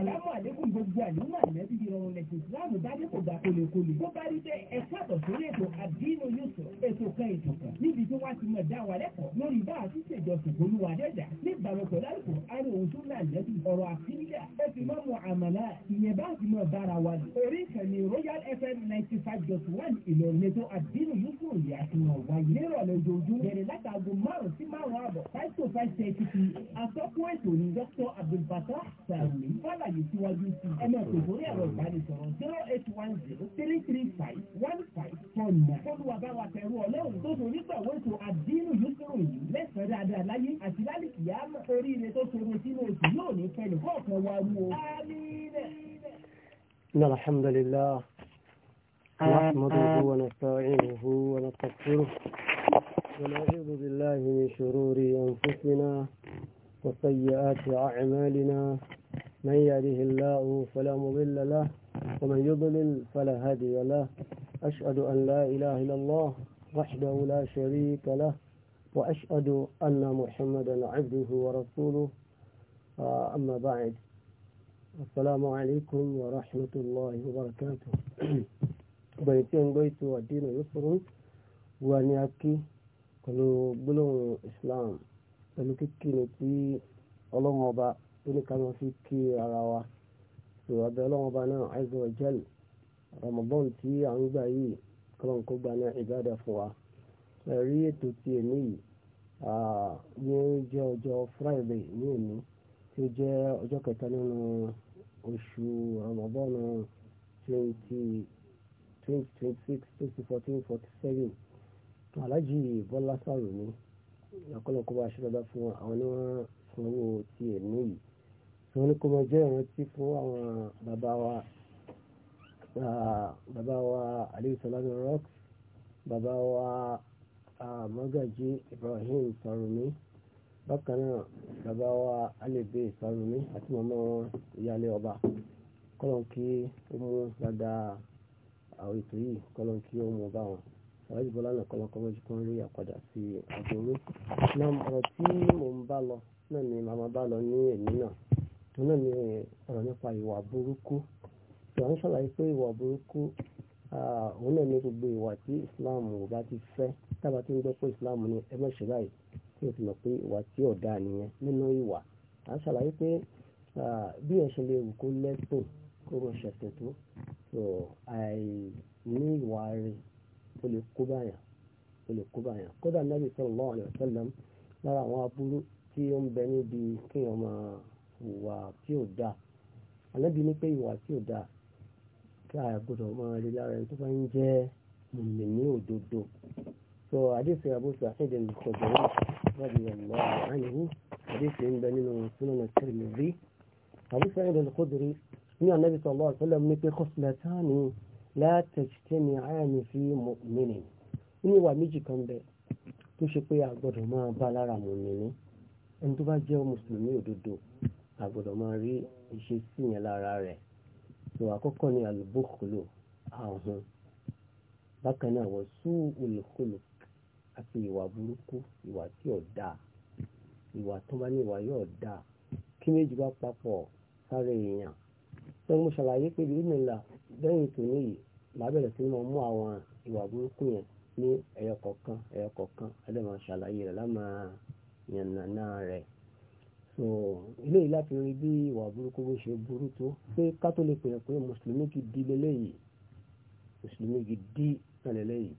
sàlámù àlékún gbogbo àlùmọ̀ àlẹ́bí ìrọ̀rùn lẹ́sìn ìsìláàmù dájú kò gbà kólékólé. tó bá rí bẹ́ẹ̀ ẹ káàbọ̀ sórí ètò àdínú yusuf ètò kan ètò kan níbi tí wọ́n ti mọ̀ dá wa lẹ́kọ̀ọ́ lórí bá a ti ṣèjọsìn olúwa dẹ́dà níbàámu pẹ̀lú àlùkò àrò òṣùn náà lẹ́bí ọ̀rọ̀ àfíríkà ẹ fi mọ́ mu àmàlà ìyẹn bá ti mọ̀ bára wa lọ. orí ìkànnì royal fm ninety five dot one ìlọrin ètò àdínú yusuf yìí àfihàn wáyé nírọ̀lẹ́ ojoojúmọ́ bẹ̀rẹ̀ látàgò márùn-ún sí márùn-ún àbọ̀ five to five thirty pm àtọ́kùn ètò ní dr abdulfatah sàrùmí fọlá àyè síwájú sí i. ẹ máa pè sórí ẹ̀rọ ìbánisọ̀rọ̀ zero eight one zero three three five one five four nine. olùwà bá wa tẹ̀rù ọlọ́run tó dùn nígbà wọ́n ètò àdínú yóò tó ròyìn lẹ́sàn dáadáa láyé àti lálìkì yá mọ́. oríire tó ṣòro sínú oṣù yóò ní fẹ́ni kọ́ọ̀kan wa mú o. ان الحمد لله نحمده ونستعينه ونستغفره ونعوذ بالله من شرور انفسنا وسيئات اعمالنا من يهده الله فلا مضل له ومن يضلل فلا هادي له أشهد أن لا إله إلا الله وحده لا شريك له وأشهد أن محمدا عبده ورسوله أما بعد السلام عليكم ورحمة الله وبركاته بيتين بيت ودين يسر ونياكي كل بلون إسلام قلوب كيكي نتي oníkanu fi kí ara wa sọ̀rọ̀ abẹ́ ọlọ́wọ́n bá náà azza wa jal Ramadan tí à ń gbà yìí kọ́lọ́n kó gba ní ìbádà fún wa ẹ̀rí ètò ti èmi yìí ní jẹ́ ọjọ́ Friday ní òní tí ó jẹ́ ọjọ́ kẹta nínú oṣù Ramadan twenty twenty twenty six twenty fourteen forty seven alájì Bọ́lá Sàrò ní ọ̀kọ́lọ́kọ́ bá ṣe dáadáa fún àwọn oníwọ̀n sanwó ti èmi yìí wọ́n ní kó mọ jẹ́ ìrántí fún àwọn bàbá wa bàbá wa aleyhisalami rock bàbá wa mọ́gàjí ibrahim sarumi bákan náà bàbá wa alebe sarumi àti màmá wọn ìyáálé ọba kọ́lọ̀n kí ó mú dáadáa àwọn ètò yìí kọ́lọ̀n kí ó mú bá wọn alájú bọ́lá náà kọ́lọ̀n kọ́mọ́ jù kán rí àpadà sí àgbòrò náà ọ̀rọ̀ tí mò ń bá lọ náà ni màmá bá lọ ní èmi náà òun náà ni ọ̀rọ̀ nípa ìwà burúkú tí wọ́n ń ṣàlàyé pé ìwà burúkú òun náà ni gbogbo ìwà tí Islam ò bá ti fẹ́ tábà tí ń gbọ́ pé Islam ni ẹ má ṣe báyìí tí o ti mọ̀ pé ìwà tí ọ̀dà nìyẹn nínú ìwà à ń ṣàlàyé pé bí ẹ̀ ṣe lè wù kó lẹ́tọ̀ kó rọ ṣẹ̀ṣẹ̀ tó tó àìní ìwà rẹ̀ ó lè kó báyàn ó lè kó báyàn kódà Nabi sallallahu alaihi wasallam lára àwọn aburú tí ó ń bẹ níbi kéèyàn máa ìwà tí ò dáa ànábì ní pé ìwà tí ò dáa kí a gbọdọ̀ máa rí lára ẹni tó bá ń jẹ́ mùmìnì òdodo so àdéhùn Abu Sa'id al-Khudri radiyallahu anhu àdéhùn ń bẹ nínú Sunan Tirmidhi Abu Sa'id al-Khudri ní ànábì sallallahu alaihi wasallam ní pé khuslatani la tajtami'ani fi mu'minin ní ìwà méjì kan bẹ tó ṣe pé a gbọdọ̀ máa bá lára mùmìnì ẹni tó bá jẹ́ mùsùlùmí òdodo a gbọ́dọ̀ máa rí ìṣesí yẹn lára rẹ̀ tó àkọ́kọ́ ni alùbókòlò ahun bákan náà wọ́n sú olùkòlò àti ìwà burúkú ìwà tí ò dáa ìwà tó bá ní ìwà yóò dáa kí méjì bá papọ̀ sáré èèyàn tó ń mú ṣàlàyé pé bí ìmìlà lẹ́yìn tòní yìí màá bẹ̀rẹ̀ sí máa mú àwọn ìwà burúkú yẹn ní ẹyọ kọ̀ọ̀kan ẹyọ kọ̀ọ̀kan ẹlẹ́mọ̀ ṣàlàyé rẹ̀ lámàá yànnàná rẹ̀. so eléyìí láti rí bí ìwà burúkú bó ṣe burú tó pé kátólíkì yẹn pé mùsùlùmí gidi lélẹ́yìí mùsùlùmí gidi lélẹ́yìí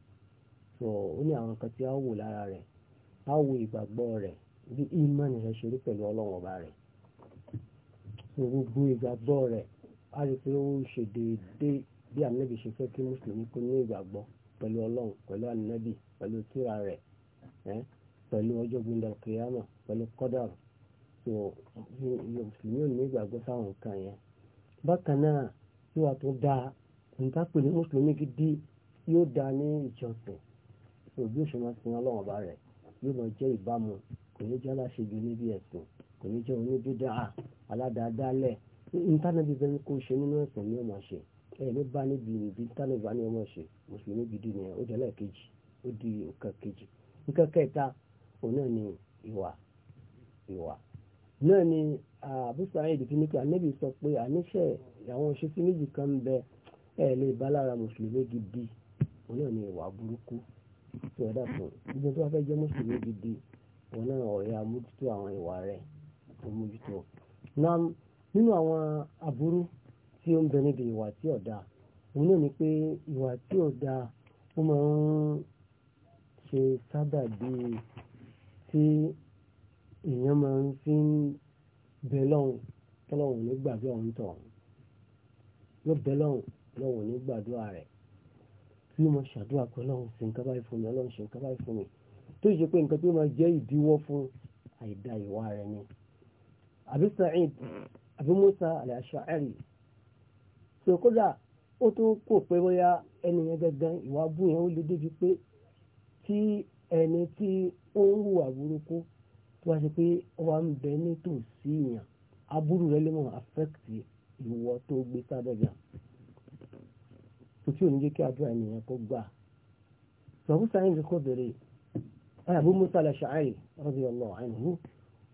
so ó ní àwọn kan tí a wò lára rẹ̀ a wò ìgbàgbọ́ rẹ̀ bí ìmánì rẹ̀ ṣe rí pẹ̀lú ọlọ́run ọba rẹ̀ gbogbo ìgbàgbọ́ rẹ̀ a rí pé ó ṣe bí ṣe fẹ́ kí mùsùlùmí ní ìgbàgbọ́ pẹ̀lú pẹ̀lú so mùsùlùmí ò ní ìgbàgbọ́ sáwọn nǹkan yẹn bákan náà yóò wá tó dáa nǹkan pè ní mùsùlùmí gidi yóò dáa ní ìjọsìn so bí òṣèlú máa sin ọlọ́wọ́n bá rẹ̀ yóò lọ jẹ́ ìbámu kò ní jẹ́ aláṣejù níbi ẹ̀sìn kò ní jẹ́ onídídáà aládàádálẹ̀ ìntánẹ́bí bẹ́ẹ̀ kó ṣe nínú ẹ̀sìn ní ọmọ ṣe ẹ̀yìn ló bá níbi ìrìbí ìntánẹ́bí bá ní ọmọ ṣe mùsùlùmí gidi ni ó jẹ́ lẹ́ẹ̀kejì ó di ọ̀kan kejì nǹkan kẹta òun náà ni ìwà ìwà náà ni àbúsọ ayé ìdìtì ní pé ànábì sọ pé àníṣe àwọn òṣèṣì méjì kan ń bẹ ẹ lè bá lára mùsùlùmí gidi òun náà ni ìwà burúkú tó ẹ̀dá fún ibi tó wá fẹ́ jẹ́ mùsùlùmí gidi òun náà ọ̀rẹ́ amójútó àwọn ìwà rẹ̀ amójútó. nínú àwọn aburú tí ó ń bẹ níbi ìwà tí ò òun náà ni pé ìwà tí ò dáa ó máa ń ṣe sábà bíi tí èèyàn máa ń fi ń bẹ lọ́hùn tọ́lọ́hùn ní gbàdúrà ń tọ̀ yóò bẹ lọ́hùn lọ́hùn ní gbàdúrà rẹ̀ tí mo ṣàdúrà pé lọ́hùn sí nǹkan báyìí fún mi ọlọ́run ṣe nǹkan báyìí fún mi tó ṣe pé nǹkan tó máa jẹ́ ìdíwọ́ fún àìdá ìwà rẹ̀ ni. àbí Sa'id àbí Musa al-Ash'ari tó kódà ó tó kò pé bóyá ẹni yẹn gangan ìwà bú yẹn ó le débi pé tí ẹni tí ó ń hùwà burúkú tó bá ṣe pé ọba ń bẹ nítòsí èèyàn aburú rẹ lè mọ àfẹ́kìtì ìwọ tó gbé sábẹ́gà kò tí ò ní jẹ́ kí àdúrà ènìyàn kó gbà. sọ̀rọ̀ sáyẹn bèrè Abu Musa al-Ash'ari radiyallahu anhu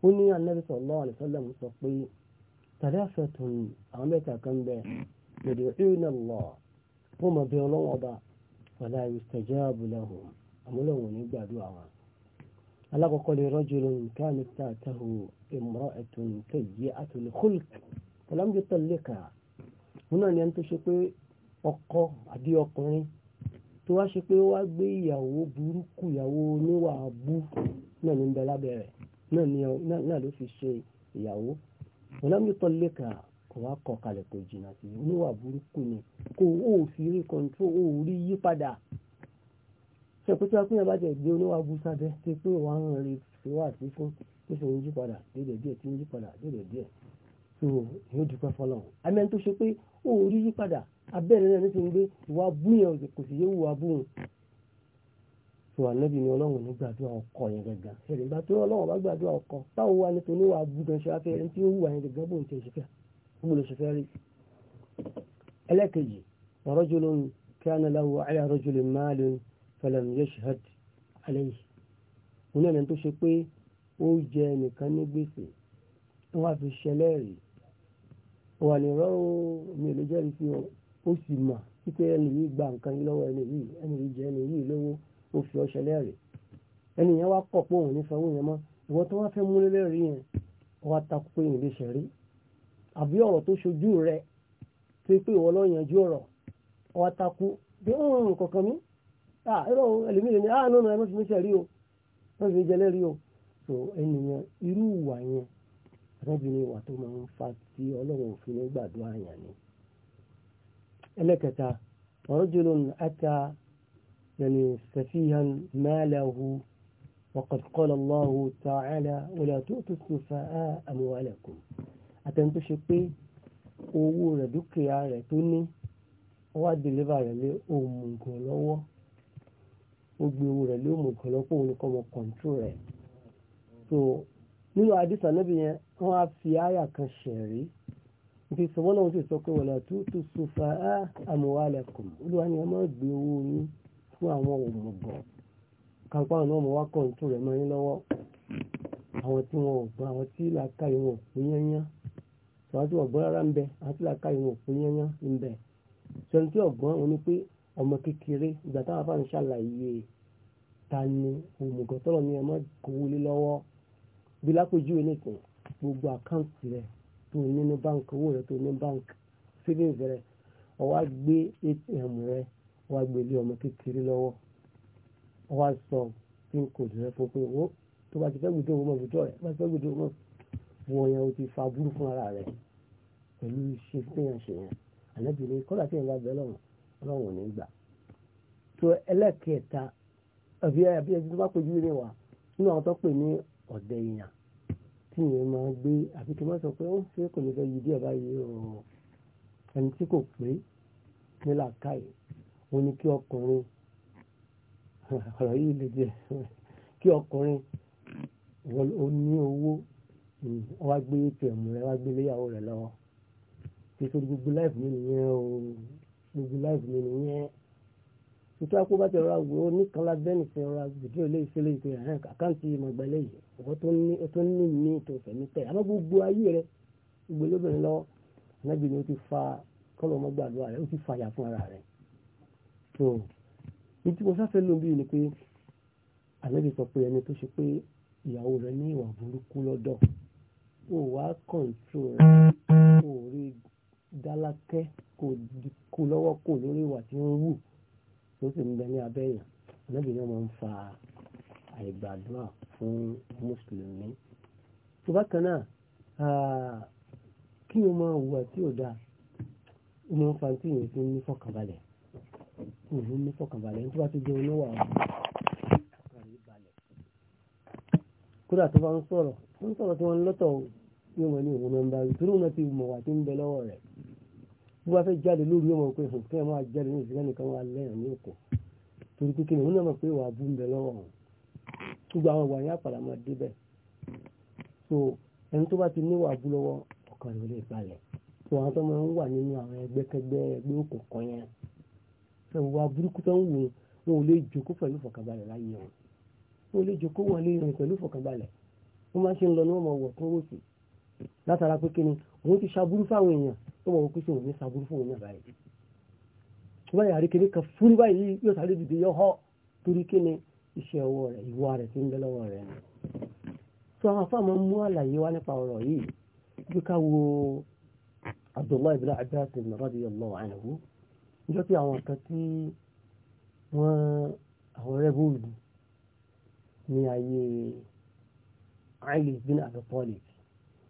ó ní Annabi sallallahu alaihi sọ pé tàdáfẹ́tùn àwọn mẹ́ta kan bẹ yad'una Allah wọ́n mọ̀ bí ọlọ́wọ́ ọba wala yustajabu lahum àmúlẹ̀ wọn ní gbàdúrà wọn. alákọ̀ọ́kọ́ lè rajulun kanat ta'tahu imra'atun sayyi'atul khulq falam yutalliqha múnà ni ẹni tó ṣe pé ọkọ àbí ọkùnrin tó wá ṣe pé wá gbé ìyàwó burúkú ìyàwó oníwà abú náà ní ń bẹ lábẹ́ rẹ̀ náà ló fi ṣe ìyàwó falam yutalliqha wá kọ kalẹ̀ kò jìnnà sí oníwà burúkú ni kò ó fi rí kọ́ńtró ó rí yípadà ṣe pé tí wọ́n pín yẹn bá jẹ́ gbé oníwà búsá bẹ́ ṣe pé wà ń rìn ṣe wà tó ṣe ń yí padà dédé díẹ̀ tí ń yí padà dédé díẹ̀ tó yóò dúpẹ́ fọlọ́run amẹ́ni tó ṣe pé ó rí yí padà abẹ́rẹ́ náà nítorí pé ìwà bú yẹn kò sì yé wùwà bú un tó ànábì ni ọlọ́run ní gbàdúrà ọkọ yẹn gẹ́gẹ́ ṣẹlẹ̀ ìgbà tó ọlọ́run bá gbàdúrà ọkọ báwo wà ní falam yashhad alayhi òun náà tó ṣe pé ó jẹ ẹnìkan ní gbèsè tó wá fi ṣẹlẹ̀ rí ó wà ní rọ́ọ̀ mi ò lè jẹ́rìí sí ọ ó sì mà títẹ́ ẹni yìí gba nǹkan yìí lọ́wọ́ ẹni yìí ẹni yìí jẹ ẹni yìí lówó ó fi ọ ṣẹlẹ̀ rí ẹni yẹn wá kọ̀ pé òun ní sanwó yẹn mọ́ ìwọ tó wá fẹ́ mú lélẹ́rìí yẹn wá takú pé ìrìn lè ṣẹ̀rí àbí ọ̀rọ̀ tó ṣojú rẹ̀ pé pé ìwọ lọ́ọ́ yanjú ọ̀rọ̀ wá takú bí ó ń rìn kọ̀ọ̀kan mi ah irọ́ ẹlòmíràn ni ah nínú ẹ mọ́sí mi ṣe rí o mọ́sí mi jẹlẹ́ rí o so ẹnìyàn irú ìwà yẹn arábìnrin ìwà tó máa ń fa tí ọlọ́run òfin ní gbàdúrà yàn ni ẹlẹ́kẹta rajulun ata yẹni safihan malahu وقد قال الله تعالى ولا تؤتوا السفهاء أموالكم àtẹni tó ṣe pé owó rẹ̀ dúkìá rẹ̀ tó ní ó wá rẹ̀ lé òmùgọ̀ lọ́wọ́ ó gbé owó rẹ̀ ló mú kan lọ́pọ̀ òun mọ rẹ̀ so nínú àdìsá níbi yẹn wọ́n á fi àyà kan ṣẹ̀rí níbi sọ́wọ́n náà sì sọ pé wọ̀lá tó tó so fa á amwalakum olúwa ni ẹ má gbé owó yín fún àwọn òmùgọ̀ kápá ọ̀nà ọmọ wa rẹ̀ ọmọ kékeré ìgbà táwọn afáàní ṣàlàyé ta ni òmùgọ̀ tọ́lọ̀ ní ẹmọ́ kówó lé lọ́wọ́ bí lápòjúwe nìkan gbogbo àkáǹtì rẹ tó ní ní báǹkì owó rẹ tó ní báǹkì savings rẹ ó wá gbé atm rẹ ó wá gbé lé ọmọ kékeré lọ́wọ́ ó wá sọ pin code rẹ fún pé owó tó bá ti fẹ́ gbèdé owó mọ̀ fìdó rẹ bá ti fẹ́ gbèdé owó mọ̀ wọ̀nyẹn o ti fa burú fún ara rẹ pẹ̀lú iṣẹ́ tó yàn ṣe yẹn àlẹ́ bìnrin kọ́lá tí yẹn bá bẹ́ lọ́wọ́ ọlọ́run ò ní gbà tó ẹlẹ́kẹta àbí àbí ẹni tó bá pè júwe wa nínú àwọn tó pè ní ọ̀dẹ̀ èèyàn tí ìyẹn máa gbé àbí kí n má sọ pé ó ń ṣe kò ní fẹ́ yí díẹ̀ báyìí o ẹni tí kò pé nílà káyìí ó ní kí ọkùnrin ọ̀rọ̀ yìí lè jẹ́ kí ọkùnrin ó ní owó wá gbé atm rẹ wá gbé léyàwó rẹ lọ́wọ́ títí gbogbo láìpẹ́ nìyẹn o gbogbo láìpẹ́ mi nìyẹn tutu akó bá ti rọra wo nìkan lábẹ́ nìkan rọra fìdí òlé ìfẹ́lẹ́ ìpè ẹ̀hán àkáǹtì mọ̀gbẹ́lẹ́ yìí ọ̀gọ́ tó ní tó ní ní tó fẹ̀mí tẹ̀ àmọ́ gbogbo ayé rẹ gbogbo lóbìnrin lọ anábì ni ó ti fa kọ́lọ̀ ọmọ gbàdúrà rẹ ó ti fàyà fún ara rẹ tó ní tí mo sáfẹ́ lóun bí ni pé anábì sọ pé ẹni tó ṣe pé ìyàwó rẹ ní ìwà burúkú lọ́dọ̀ ó kọ̀ǹtró rẹ ó dálákẹ́ kò lọ́wọ́ kò lórí ìwà tí ń wù tó sì ń bẹ ní abẹ́yàn anábì náà máa ń fa àìgbàdúrà fún mùsùlùmí. tó bá kan náà kí o máa hùwà tí ò dáa o máa ń fa tí èèyàn fi ń ní fọkànbalẹ̀ òun ní fọkànbalẹ̀ tó bá ti jẹ́ oníwà kódà tó bá ń sọ̀rọ̀ tó ń sọ̀rọ̀ tí wọ́n ń lọ́tọ̀ yóò mọ̀ ní òun náà ń bá rí torí òun ti mọ̀ wà tí ń bẹ lọ́wọ́ rẹ̀ bí wọ́n fẹ́ jáde lórí ọmọ pé hàn kí ẹ máa jáde ní ìsìnkà nìkan wà lẹ́yìn ní òkè torí pé kíni òun náà mọ̀ pé wà á bú ń lọ́wọ́ wọn gbogbo àwọn ìwà yẹn àpàlà máa dé bẹ́ẹ̀ so ẹni tó bá ti ní wà á bú lọ́wọ́ ọkàn rẹ̀ lè balẹ̀ so àwọn tó máa ń wà nínú àwọn ẹgbẹ́kẹgbẹ́ ẹgbẹ́ òkùnkàn yẹn fẹ́ wà burúkú tó ń wò wọn ò lè jókòó pẹ̀lú ìfọ̀kànbalẹ̀ láyé wọn wọn ò lè jókòó wọn tó mọ̀ wípé sóhun ní sàbúrú fún òun náà báyìí tó báyìí àríkèrè kan fúrú báyìí yóò sáré dìde yọ họ torí kí ni iṣẹ́ ọwọ́ rẹ̀ ìwà rẹ̀ tí ń bẹ lọ́wọ́ rẹ̀ ni tó àwọn afáàmọ́ mú àlàyé wá nípa ọ̀rọ̀ yìí bí ká wo Abdullahi ibn Abbas radiyallahu anhu níjọ́ tí àwọn kan tí wọ́n àwọn rẹ́bùlù ní ayé Ali bin Abi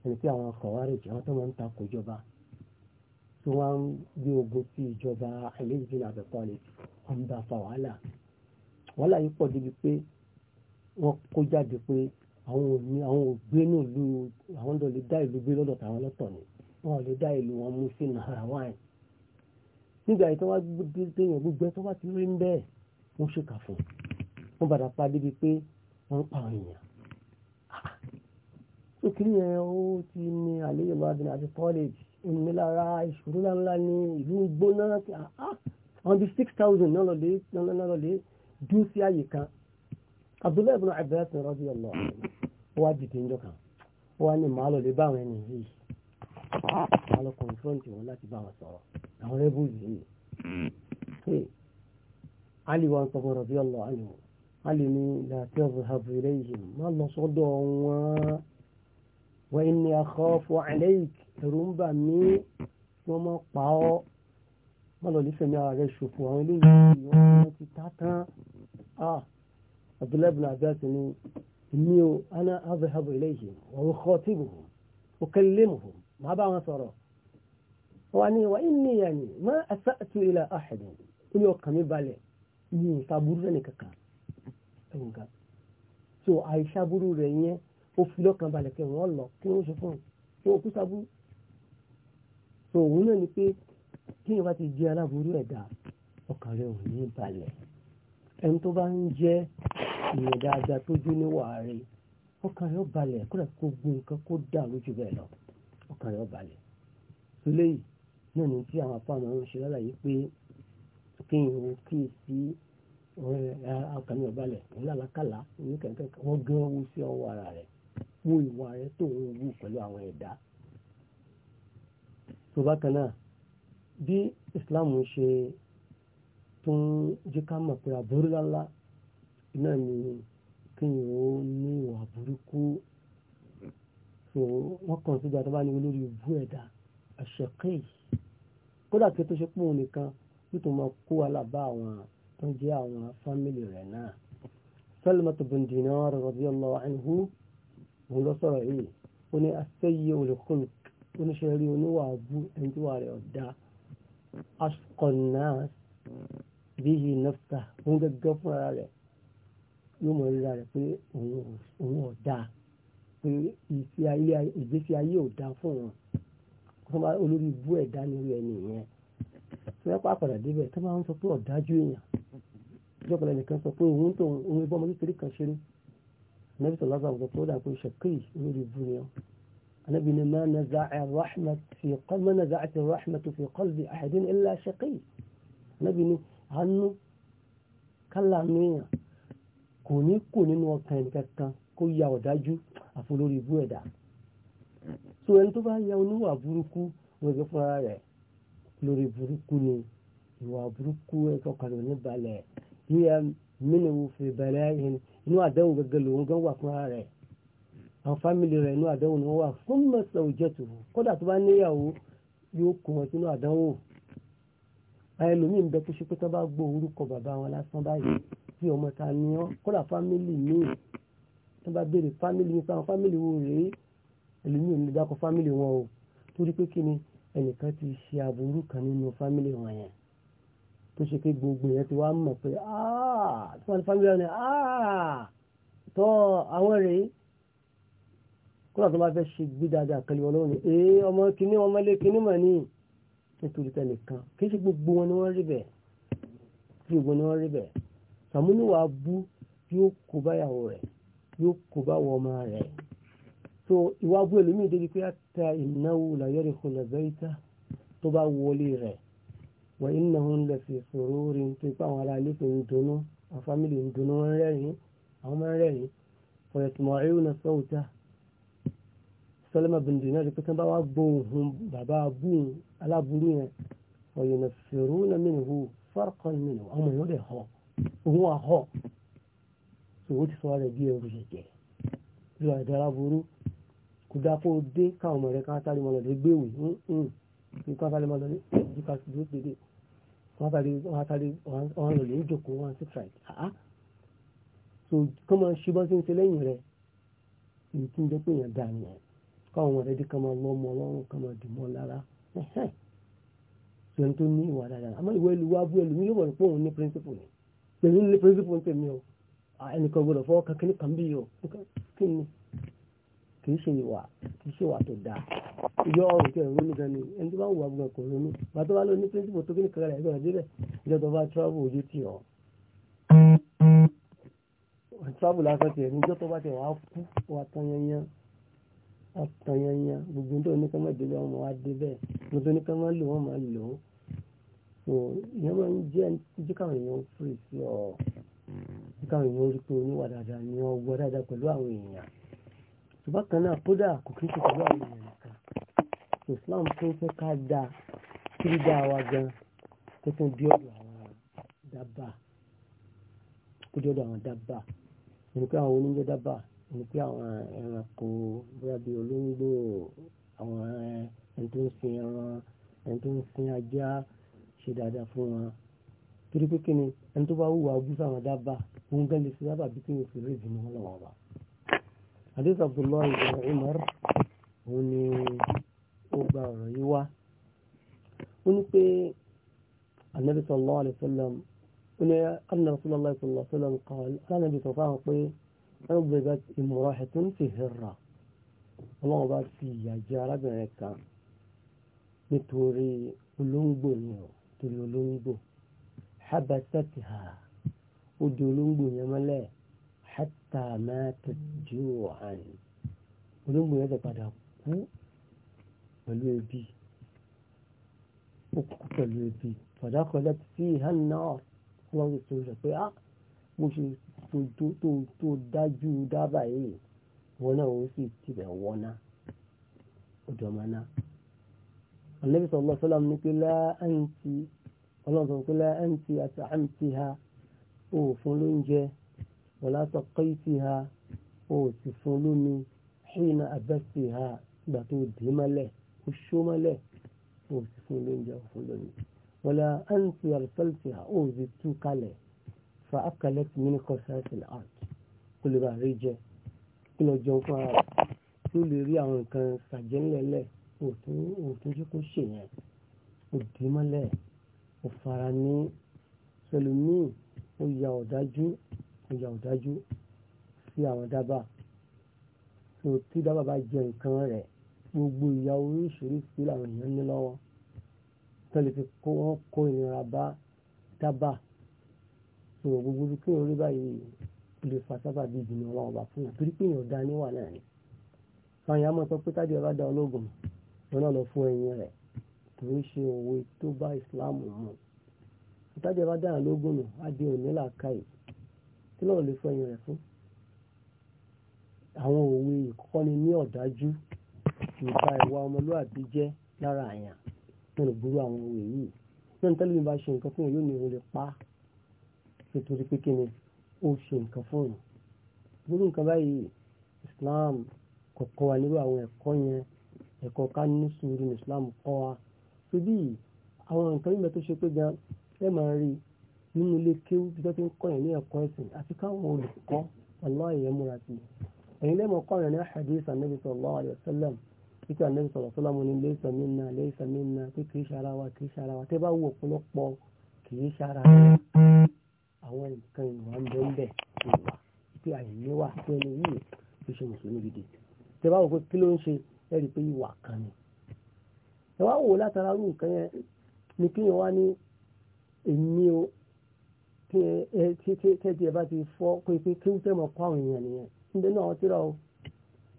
ẹni tí àwọn Khawarij àwọn tó máa ń ta kò jọba tí wọ́n ń gbé ogun sí ìjọba ẹlẹ́gbẹ̀ẹ́ àbẹ̀kọ́ ni wọ́n ń bá fa wàhálà wàhálà yìí pọ̀ débi pé wọ́n kó jáde pé àwọn òní àwọn ògbé náà àwọn ọ̀dọ́ lè dá ìlú gbé lọ́dọ̀ tàwọn lọ́tọ̀ ni wọn ò lè dá ìlú wọn mú sí nàrà wáìn nígbà yìí tó wá dé yẹn gbogbo tó wá ti rí ń bẹ́ẹ̀ wọ́n ṣèkà fún wọn padà pa débi pé wọ́n pa èèyàn tó ah! yẹn ó ti ní àlejò lọ́wọ́ àbínú àti kọ́lẹ́jì ìnilára ìṣòro ńláńlá ní ìlú gbóná àwọn bíi six thousand náà lọ́lẹ̀ dúró sí àyè kan Abdullahi ibn Abbas radiyallahu anhu wá dìde ńjọ kan wá ní màá lọ́lẹ̀ bá àwọn ẹni yìí màá lọ confront wọn láti bá wọn sọ̀rọ̀ àwọn ẹbú yìí Ali wa ń sọ fún radiyallahu anhu Ali ní la tadhhab ilayhim má lọ sọ́dọ̀ wọn wa inni akhafu alayk ẹ̀rù ń bà mí kí wọ́n máa pa ọ́ wọ́n lọ nífẹ̀ẹ́ mi ara rẹ̀ ṣòfò àwọn eléyìí wọ́n ti ta tán ah abdullahi bin abdullahi ni èmi o ana azhabu ilayhim wa ukhatibuhum ukallimuhum màá bá wọn sọ̀rọ̀ wọ́n ní wa inni yani ma asa'tu ila ahadin ó ní ọkàn mi balẹ̀ ní ìsàbúrú rẹ̀ nìkankan ẹ̀wọ̀n kan so àìsàbúrú rẹ̀ yẹn ó fi lọ́kàn balẹ̀ kí wọ́n lọ kí wọ́n ṣe fún un kí wọ́n kú sábú. tó òun náà ni pé kí ìwà ti jẹ́ aláboyún ẹ̀dá ọkàn rẹ̀ ò ní balẹ̀ ẹni tó bá ń jẹ́ ìyẹn dáadáa tó jó níwà rẹ̀ ọkàn rẹ̀ ó balẹ̀ kó dàbí kó gbó nǹkan kó dà lójú bẹ́ẹ̀ lọ ọkàn rẹ̀ balẹ̀. sílẹ̀ náà ni tí àwọn apá ọmọ ṣe lálàyé pé kí n wo kí n sí ọkàn mi balẹ̀ òun làlákàlà òun kẹ̀kẹ́ wọ́n gán owó sí ọwọ́ ara rẹ̀ wo ìwà rẹ tó ń wù pẹ̀lú àwọn ẹ̀dá tó bákan náà bí Islam ṣe tún jẹ́ ká mọ̀ pé aburú lálá náà ni kíyàn ó ní ìwà burúkú so wọ́n kàn sí gbàtọ́ bá ní olórí ìbú ẹ̀dá àṣẹ̀kẹ́ kódà kí tó ṣe pọ̀ nìkan bí tó máa kó alábá àwọn tó ń jẹ́ àwọn fámìlì rẹ̀ náà Salmatu bin Dinar radiyallahu anhu òun lọ sọ̀rọ̀ yìí ó ní asẹ́yẹ olùkọ́lù oníṣẹ́ rí oníwà abú ẹni tí wà rẹ̀ ọ̀dá asukọ̀nàá bí i nọ́fà òun gẹ́gẹ́ fún ara rẹ̀ yóò mọ̀ ríra rẹ̀ pé òun ọ̀dá pé ìgbésí ayé ọ̀dá fún wọn kó máa olórí ibú ẹ̀dá nírú ẹni ìyẹn tó yẹ kó àpàdà débẹ̀ tó máa ń sọ pé ọ̀dájú èèyàn ìjọba ẹnìkan sọ pé òun tó òun ibọ́ ọmọ kékeré kan ṣeré nabi sallallahu alaihi wasallam ko da kun shakki olórí ibú ni ọ anabi ni ma na za'a rahmat fi qalbi na za'a ti rahmat fi qalbi ahadin illa shaqi anabi ni hannu kálá nu yàn kò ní kò nínú ọkàn ẹnìkankan kó ya ọ̀dájú àfi olórí ibú ẹ̀dá so ẹni tó bá ya oníwà burúkú wọ́n ti fúnra rẹ̀ lórí burúkú ni ìwà burúkú ẹ̀kọ́ kan ní balẹ̀ yíya mínú fi balẹ̀ inú àdánwò gẹ́gẹ́ lòun gan wà fúnra rẹ̀ àwọn fámìlì rẹ̀ inú àdánwò ni wọ́n wà fún mẹ́sàn òjẹ̀tù kódà tó bá níyàwó yóò kó wọn sínú àdánwò ẹlòmíì ń bẹ kó ṣe pé tó bá gbọ́ orúkọ bàbá wọn lásán báyìí tí ọmọ ta ni ọ́ kódà fámìlì míì tó bá béèrè fámìlì nípa àwọn fámìlì wo rèé ẹlòmíì ò ní dákọ fámìlì wọn o torí pé kí ni ẹnìkan ti ṣe aburú kan nínú fámìlì wọn yẹn tó ṣe pé gbogbo yẹn ti wá mọ̀ pé aaa ah, tí wọ́n ti fáwọn ẹni aaa tọ́ àwọn rèé kúrò tó bá fẹ́ ṣe gbé dáadáa kan lọ́wọ́ lọ́wọ́ ni ee ọmọ kìíní ọmọ ilé kìíní mà ní nítorí tẹ́lẹ̀ kan kì í ṣe gbogbo wọn ni wọ́n rí bẹ́ẹ̀ kí gbogbo ni wọ́n rí bẹ́ẹ̀ sàmúníwà bú yóò kó báyàwó rẹ̀ yóò kó báwọ ọmọ rẹ̀ so ìwà bú ẹlòmíì débi pé àtà ìnáwó làyẹ̀rẹ̀ kò lọ́bẹ̀ẹ́ta wọ́n iná ń lọ sí ìṣòro rí n tó ipá àwọn ará ilé tó ń dunnú àwọn fámìlì ń dunnú wọn rẹ́rìn àwọn máa ń rẹ́rìn fọ̀yẹ̀tìmọ̀ ẹ̀rù náà sọ́wọ́tà sọlẹ́mà bìndì náà rí pé kí bá wá gbóhùn bàbá abúhùn aláburú yẹn wọ̀yẹ̀ náà fèrú náà mìíràn hù fárkàn mìíràn àwọn èèyàn rẹ̀ họ òun wà họ ti sọ rẹ̀ bí ẹrù jẹjẹ ju àdára burú kò dá kó dé káwọn ọmọ rẹ̀ káńtálì mọ́lọ́dé gbéwì ń ń káńtálì mọ́lọ́dé jíkàsí dúró dédé wọ́n sáré wọ́n sáré wọ́n lò lè ń jòkó wọ́n sí try àá so kọ́ máa ṣe bọ́ sí ń ṣe lẹ́yìn rẹ̀ èyí tí ń jẹ́ pé èèyàn dá ni ẹ̀ káwọn ọmọ rẹ̀ dé kọ́ máa lọ́ ọmọ ọlọ́run kọ́ máa dì mọ́ lára ṣẹ́ni tó ní ìwà dáadáa àmọ́ ìwé ìlú wa bú ẹlòmí yóò wọ̀n pé òun ní píríncípù ni pẹ̀lú ní píríncípù ń tèmi o ẹnìkan gbọdọ̀ fọwọ́ kankan ní kàn bí o kí ni kìí ṣe ìwà kìí ṣe ìwà tó dáa ìjọ ọrùn tí ẹ ronú gan ni ẹni tó bá wù agbọ̀n kò ronú bá tó bá lọ ní píríncípù tó kíni kankan rẹ̀ ẹgbẹ̀rún débẹ̀ ìjọ tó bá tíráàbù ojú tì ọ́ tíráàbù lásán tiẹ̀ ní ìjọ tó bá tiẹ̀ wàá kú wàá tán yanyan ọ̀tàn yanyan gbogbo tó ní kán má délé wọn máa débẹ̀ gbogbo tó ní kán má lò wọn máa lò ó so ìyẹn máa ń jẹ́ jí káwọn èèyàn fèrè sí ọ jí káwọn èèyàn rí pé oníwà dáadáa ni wọ́n gbọ́ dáadáa pẹ̀lú àwọn èèyàn ṣùgbọ́n kan náà kódà kò kí n ṣe pẹ̀lú àwọn èèyàn nìkan Islam tó ń fẹ́ ká da kiri da wa gan tó tún bí ọ̀dọ̀ àwọn dábà kó dé ọ̀dọ̀ àwọn dábà ẹni pé àwọn oníjẹ dábà ẹni pé àwọn ẹranko bóyá bíi olóńgbò àwọn ẹni tó ń sin ẹran ẹni tó ń sin ajá ṣe dáadáa fún wọn torí pé kí ni ẹni tó bá wù wá bú sáwọn dábà òun gan lè fi dábà bí kí n ò fi rí ìbínú wọn lọ́wọ́ wa hadith abdullahi ibn umar òun ni ó gba ọ̀rọ̀ yìí wá ó ní pé anabi sallallahu alayhi wa sallam ó ní anna rasulallah sallallahu alayhi wa sallam qaal nítorí olóńgbò ni ọ torí olóńgbò habasatiha ó di olóńgbò yẹn mọ́lẹ̀ tá a máa tẹ̀jú àní olóńgbò yẹn ti padà kú pẹ̀lú ebi ó kú pẹ̀lú ebi fàdákọ̀lẹ́ sí ìhàn náà wọ́n ti sọ pé ah mo ṣe tó tó tó dájú dábàá yìí wọn náà ó sì tibẹ̀ wọ́ná ọdọ̀mọ́ná. Ànábì sallallahu alaihi wasallam ní pé láàntí ọlọ́sọ̀ pé láàntí àti àmì ti ha ó fún wala taqaytiha o sì fún lómi hina abasiha gbà tó dì mọ́lẹ̀ ó ṣó mọ́lẹ̀ o sì fún lóúnjẹ o fún lómi wala anti arsaltiha o sì tú kalẹ̀ fa akalat min qasatil ard kó lè bá rí jẹ kí lọ jẹun fún ara rẹ lè rí àwọn nǹkan sàjẹ́ńlẹ̀lẹ̀ òtún òtún tí ṣe yẹn ó dì mọ́lẹ̀ ó fara ní sẹlẹ̀mí ó ya ọ̀dájú ìyà ọ̀dájú sí àwọn dábàá so tí dábàá bá jẹ nǹkan rẹ̀ gbogbo ìyà oríṣiríṣi làwọn èèyàn ní lọ́wọ́ tẹ́lẹ̀ fi kó wọ́n kó ìnira bá dábàá so gbogbo ibi kí orí báyìí lè fa sábà bíi ìdùnnú ọlọ́run bá fún yàn torí pé èèyàn dá níwà náà ni àwọn èèyàn máa sọ pé tádìí ọba da ológun wọn náà lọ fún ẹyin rẹ̀ kì í ṣe òwe tó bá ìsìláàmù mu tádìí ọba dáhàn lógún nù á di òní làákàyè kí lọ́rọ̀ lè fọ ẹ̀yìn rẹ̀ fún àwọn òwe ìkọ́ni ní ọ̀dájú ìgbà ìwà ọmọlúwàbí jẹ́ lára àyàn nínú burú àwọn òwe yìí náà tẹ́lẹ̀ mi bá ṣe nǹkan fún yóò ní òun lè pa nítorí pé kí ni ó ṣe nǹkan fún òun burú nǹkan báyìí Islam kọ̀ọ̀kan wa nírú àwọn ẹ̀kọ́ yẹn ẹ̀kọ́ ká ní sùúrù ní Islam kọ́ wa ṣubí àwọn nǹkan nígbà tó ṣe pé gan ẹ máa rí i nínú ilé kéwú tí wọ́n ti ń kọ́ yẹn ní ẹ̀kọ́ ẹ̀sìn àti káwọn olùkọ́ aláìyẹ múra sí i ẹ̀yin lẹ́mọ̀ kọ́ yẹn ní hadith anabi sallallahu alayhi wa sallam títí anabi sallallahu alayhi wa sallam ní laysa minna laysa minna pé kì í ṣara wa kì í ṣara wa tẹ́ bá wù ọ̀pọ̀lọpọ̀ kì í ṣara àwọn kí ló ń ṣe ẹ pé ìwà kan ni ẹ látara rú nǹkan yẹn ni kí yẹn wá ní èmi o tẹ́tí ẹ bá ti fọ́ pé pé kí ó tẹ́mọ̀ kọ́ àwọn èèyàn nìyẹn níbi náà tí ra o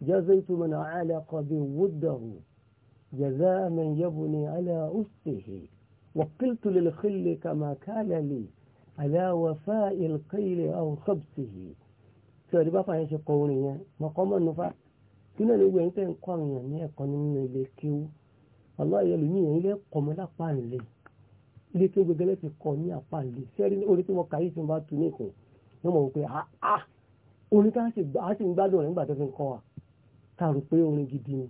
jẹ́zẹ́ ìtumọ̀ náà àlẹ́ kan bíi wúdàrú jẹ́zẹ́ mẹ́yẹ́bù ni àlẹ́ òṣèhè وقلت للخل كما كان لي على وفاء القيل أو خبثه sọ̀rí bá fàyẹ̀ ṣe kọ orin yẹn mọ̀kọ́mọ̀ nufa kí náà lè wọ ẹ̀yìn tẹ́ ń kọ́ àwọn èèyàn ilé tó gbẹgẹlẹ ti kọ ní àpàlẹ sẹrí orí tí wọn kà yìí tí wọn bá tu ní ìkùn wọn mọ wípé àá ah, ah. orin tá a sì ń gbádùn rẹ nígbà tó fi ń kọ wa tá a rò pé orin gidi ni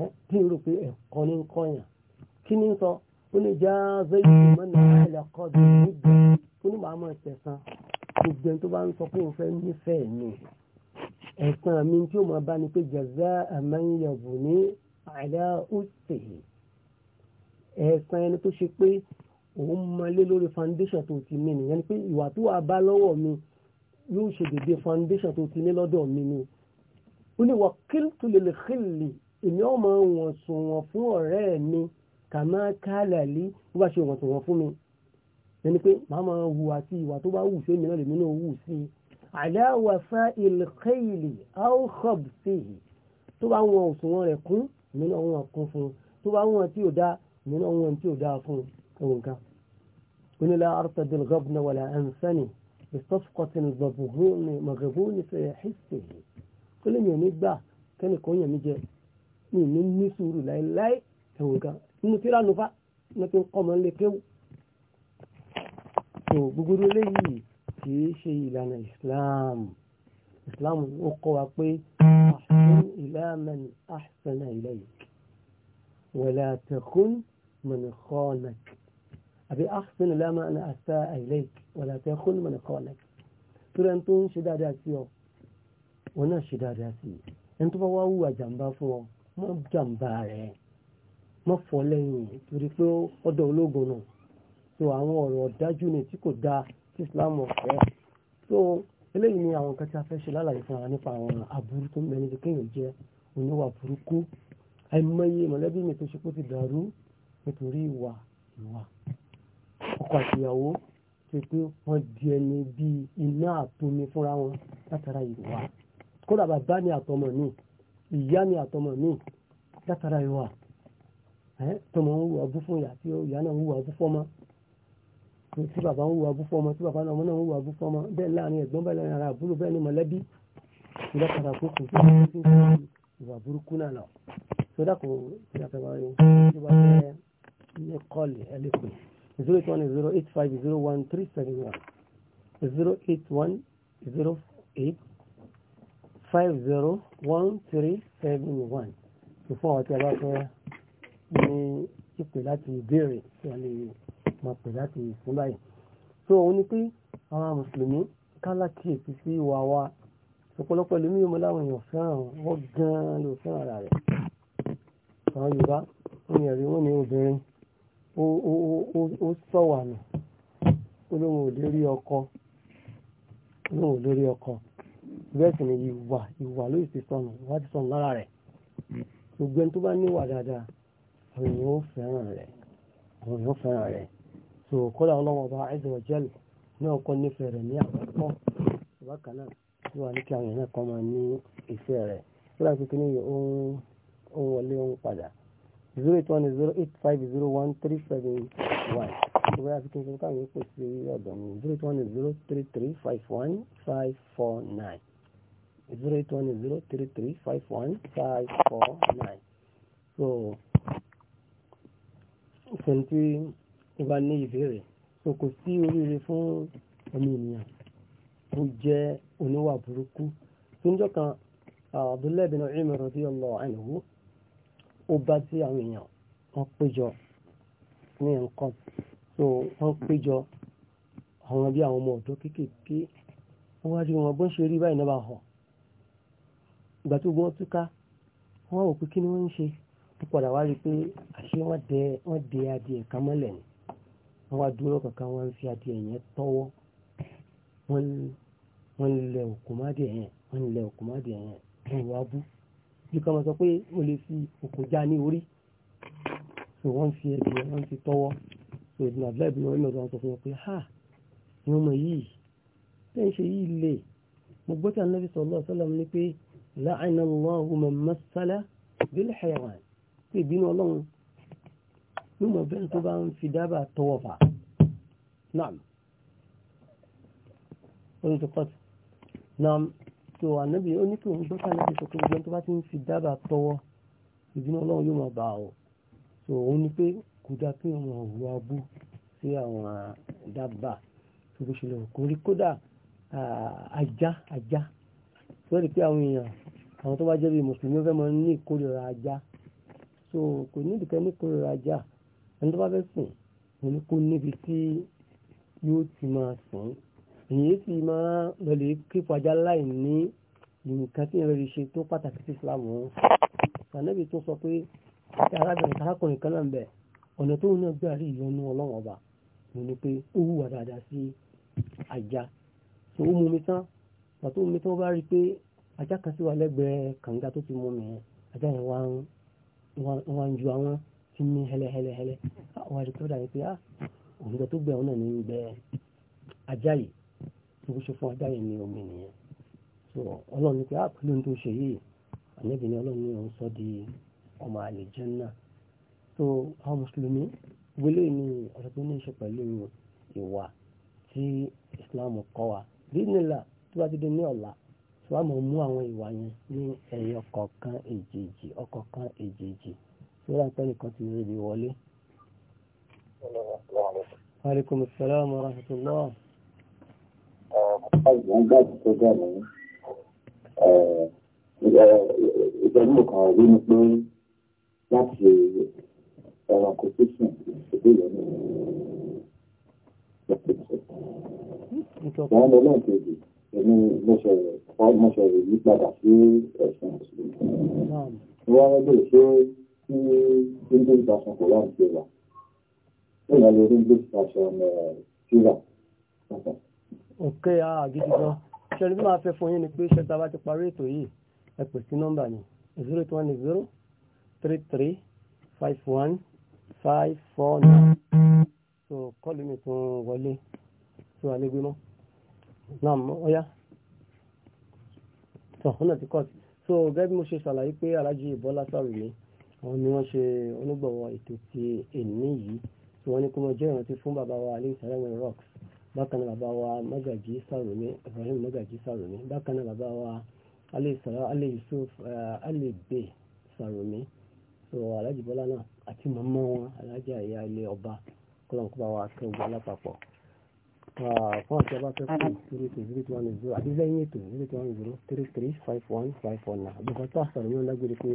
ẹ tí n rò pé ẹ̀kọ́ ní kọ yàn kí ni sọ ó ní já zẹyìn ìmọ̀ náà ilẹ̀ kọ́ bí nígbà ó ní màá mọ̀ ẹ̀sán gbogbo ẹni tó bá ń sọ pé òun fẹ́ nífẹ̀ẹ́ mi ẹ̀sán mi tí ó mọ̀ bá ni pé jẹ̀zẹ́ àmọ́ ń yẹ̀bù ẹ̀ẹ̀kan ẹni tó ṣe pé òun mọlé lórí foundation tó ti ní nìyẹn ni pé ìwà tó wà bá lọ́wọ́ mi yóò ṣe dèdè foundation tó ti ní lọ́dọ̀ mi ni ó ní wà kílùtù lè kílì èmi ọmọ wọn sùn wọn fún ọ̀rẹ́ mi kà máa kálà lé bó bá ṣe wọn sùn wọn fún mi ẹni pé màá máa wù àti ìwà tó bá wù sí èmi náà lèmi náà wù sí i àdáwà fa ìlkéèlì áókọ̀b sí i tó bá wọn òṣùwọ̀n rẹ̀ kún èmi náà wọn kún fún un tó bá wọn tí ò dáa nínú àwọn ohun tí ò dáa fún ohun kan قل لا أرتد الغبن ولا أنسني بصفقة المغبون مغبون في حسه قل لم ينبع كان يكون يمجى من نسور لا لا توقع نترى نفع نتن قوما لكو so gbogbo eléyìí kì í ṣe ìlànà islam islam ó kọ́ wa pé ahsan ila man ahsana ilayk wala takun من خانك أبي أحسن لما أنا أساء إليك ولا تخن من خانك ترى أنتم شداد أسيو ونا شداد أسي أنتم فواوا جنبا فوا ما جنبا ري ما فولين torí pé ọ̀dọ̀ ológun náà so àwọn ọ̀rọ̀ ọ̀dájú ni tí kò dáa tí Islam ọ̀fẹ́ so eléyìí ni àwọn kan tí a fẹ́ ṣe lálàyé fún wa nípa àwọn aburú tó ń bẹ níbi kéèyàn jẹ́ oníwà burúkú àìmọye mọ̀lẹ́bí mi tó ṣe kó ti dàrú nítorí ìwà ìwà ọkọ àtìyàwó ṣe pé wọ́n di ẹni bí iná àtomi fúnra wọn látara ìwà kódà bàbá ni àtọmọ mi ìyá ni àtọmọ mi látara ìwà tọmọ ń wùwà bú fún ìyá tí ìyá náà ń wùwà bú fọmọ tí bàbá ń wùwà bú fọmọ tí bàbá náà ọmọ náà ń wùwà bú fọmọ bẹ́ẹ̀ láàrin ẹ̀gbọ́n bẹ́ẹ̀ láàrin ara àbúrò bẹ́ẹ̀ ni mọ̀lẹ́bí látara kó kò sí ìwà burúkú náà lọ sódà kò sí àtàwọn ẹni ní kọ́ọ̀lì ẹ lè zero eight one zero eight five zero one three seven one zero eight one zero eight five zero one three seven one tó fún àwọn tí a bá fẹ́ ní ìpè láti ìbéèrè tí a lè máa pè láti ìfún báyìí tó òun ni pé àwọn mùsùlùmí kálá kíyèsí sí ìwà wa ọ̀pọ̀lọpọ̀ ẹlòmíì mo láwọn èèyàn fẹ́ràn wọ́n gan-an ló fẹ́ràn ara rẹ̀ àwọn Yorùbá wọ́n ní ẹ̀rí wọ́n ní obìnrin ó sọ̀wànà olóhùn ò lérí ọkọ olóhùn ò lérí ọkọ bẹ́ẹ̀ sì ni ìwà ìwà ló sì ti lára rẹ̀ gbogbo ẹni tó bá níwà dáadáa àwọn èèyàn ó fẹ́ràn rẹ̀ àwọn èèyàn ó fẹ́ràn rẹ̀ so kọ́lá ọlọ́wọ́ ọba Azza wa Jal náà nífẹ̀ẹ́ rẹ̀ ní àkọ́kọ́ bákan náà tí wàá ní kí àwọn èèyàn náà máa ní ìfẹ́ rẹ̀ kọ́lá kí ni wọlé padà zero eight zero eight five zero one three seven one ìwé àfikún ìṣẹ́jú káwọn yóò pè sí ọ̀dọ̀ mi zero eight one zero three three five one five four nine zero eight zero three three five one five four nine so ìṣẹ̀lẹ̀ tí ó bá ní ìbéèrè so kò sí oríire fún ọmọ ènìyàn ó jẹ́ oníwà burúkú tó ń jọ kan Abdullahi bin Umar radiyallahu anhu ó bá tí àwọn èèyàn wọ́n péjọ ní nǹkan so wọ́n péjọ àwọn bí àwọn ọmọ ọ̀dọ́ kéékèèké wọ́n wá rí wọn bó ń ṣe rí báyìí náà bá hàn ìgbà tó gbọ́ túká wọ́n wò pé kí ni wọ́n ń ṣe tó padà wá rí pé àṣé wọ́n dẹ wọ́n dẹ adìẹ kan mọ́lẹ̀ ni wọ́n wá dúró kankan wọ́n ń fi adìẹ yẹn tọ́wọ́ wọ́n lẹ òkú má adìẹ yẹn wọ́n lẹ òkú má adìẹ yẹn wọ́n wá bú bí kan mọ̀ sọ pé mo lè fi òkò já ní orí so wọ́n fi ẹ̀dùn wọ́n fi tọ́wọ́ so ìdùnnú àbúlá ìbùnú orí náà sọ fún wọn pé ha ni ọmọ yìí tẹ́ ń ṣe yìí lè mo gbọ́ tí anábì sallallahu alaihi wasallam ní pé la'ana Allahu man massala bil hayawan pé ìbínú ọlọ́run ló mọ̀ bẹ́ẹ̀ tó bá ń fi dábàá tọwọ́ fà náà ó ní tó ànábì ó ní kí òun gbọ́ta náà ti sọ pé gbọ́n tó bá ti ń fi dábàá tọwọ́ ìbínú ọlọ́run yóò máa bà ọ́ so òun ni pé kò dáa kí wọn máa hu abú sí àwọn dábàá tó bó ṣe lọ kò rí kódà ajá ajá sọ́ọ́dì pé àwọn èèyàn àwọn tó bá jẹ́ bí mùsùlùmí fẹ́ máa ní ìkórìíra ajá so kò ní ìdíkẹ́ ní ìkórìíra ajá ẹni tó bá fẹ́ sùn òun kò níbi tí yóò ti máa sùn èyí sì máa lọlẹ̀ kíkọ ajá láì ní nǹkan tí ìrìn ṣe tó pàtàkì sí Islam wọn sànẹ́bí tó sọ pé arábìnrin arákùnrin kan náà bẹ̀ ọ̀nà tó ń gbà rí ìyọnu ọlọ́run ọba mo ní pé ó wùwà dáadáa sí ajá tó ó mú mi tán pàtó mi tán bá rí pé ajá kan sí wa lẹ́gbẹ̀ẹ́ kànga tó ti mú mi yẹn ajá yẹn wá ń ju àwọn tí ní hẹlẹhẹlẹ hẹlẹ ah, àwọn àdìpọ̀ dàbí pé ah òǹgbẹ tó gbẹ òun náà ní gbẹ ajá yìí tó ṣe fún ajá yẹn ní omi nìyẹn so ọlọ́run ní pé á ah, pẹ̀lú ohun tó ṣe yìí ànábì ni ọlọ́run ní òun sọ di ọmọ àlùjánnà so àwọn mùsùlùmí wọlé ní ọ̀rọ̀ tó ní ṣe pẹ̀lú ìwà tí Islam kọ́ wa bí nílà tó bá ti di ní ọ̀la tó bá mọ̀ mú àwọn ìwà yẹn ní ẹ̀yọ kọ̀ọ̀kan èjèèjì ọ̀kọ̀ọ̀kan èjèèjì tó rà pẹ́ nìkan ti rí wọlé. Wa alaikum assalam wa rahmatullah ọgbọ̀n ìjọba kan rí ni pé láti ẹranko sísìn ìṣèlú yẹn ní wọ́n lọ lọ́n kejì èmi mọ́ṣẹ́ rẹ̀ yí padà sí ẹ̀sìn ìṣèlú wọ́n rẹ́ bèrè ṣé kí english fashion kò láǹtì rà ó yàn lórí english fashion ṣíra òkè àgídí gan ṣẹlẹ̀ bí máa fẹ́ fún yín ni pé ṣẹta bá ti parí ètò yìí ẹ pè sí nọ́mbà ni zero eight one zero three three five one five four nine so kọ́ọ̀lù mi tún wọlé sí wa lẹ́gbẹ́ mọ́ náà ọ̀yá So ọ̀nà ti kọ́ọ̀tù so gẹ́gẹ́ bí mo ṣe ṣàlàyé pé alájí Bọ́lá Sàrùmí àwọn ni wọ́n ṣe onígbọ̀wọ́ ètò ti èní yìí tí wọ́n ní kó mọ jẹ́ ìrántí fún bàbá wa alẹ́ ìsàlẹ̀ rocks bákan náà bàbá wa Magaji Sarumi Ibrahim Magaji Sarumi bákan náà bàbá wa Ali Yusuf eh, Ali Bey Sarumi so Alhaji Bọ́lá náà àti màmá wọn Alhaji àyà ilé ọba kọlọ́nkú wa kẹ́ ogun ah, fún àti ọba tẹ́kù three two zero two one zero àti lẹ́yìn ètò zero two one zero three three five one five one náà àbúkọ tó àṣàrò yóò lágbèrè pé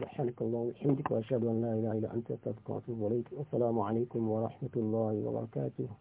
سبحانك اللهم واشهد ان لا اله الا انت استغفرك واتوب اليك والسلام عليكم ورحمه الله وبركاته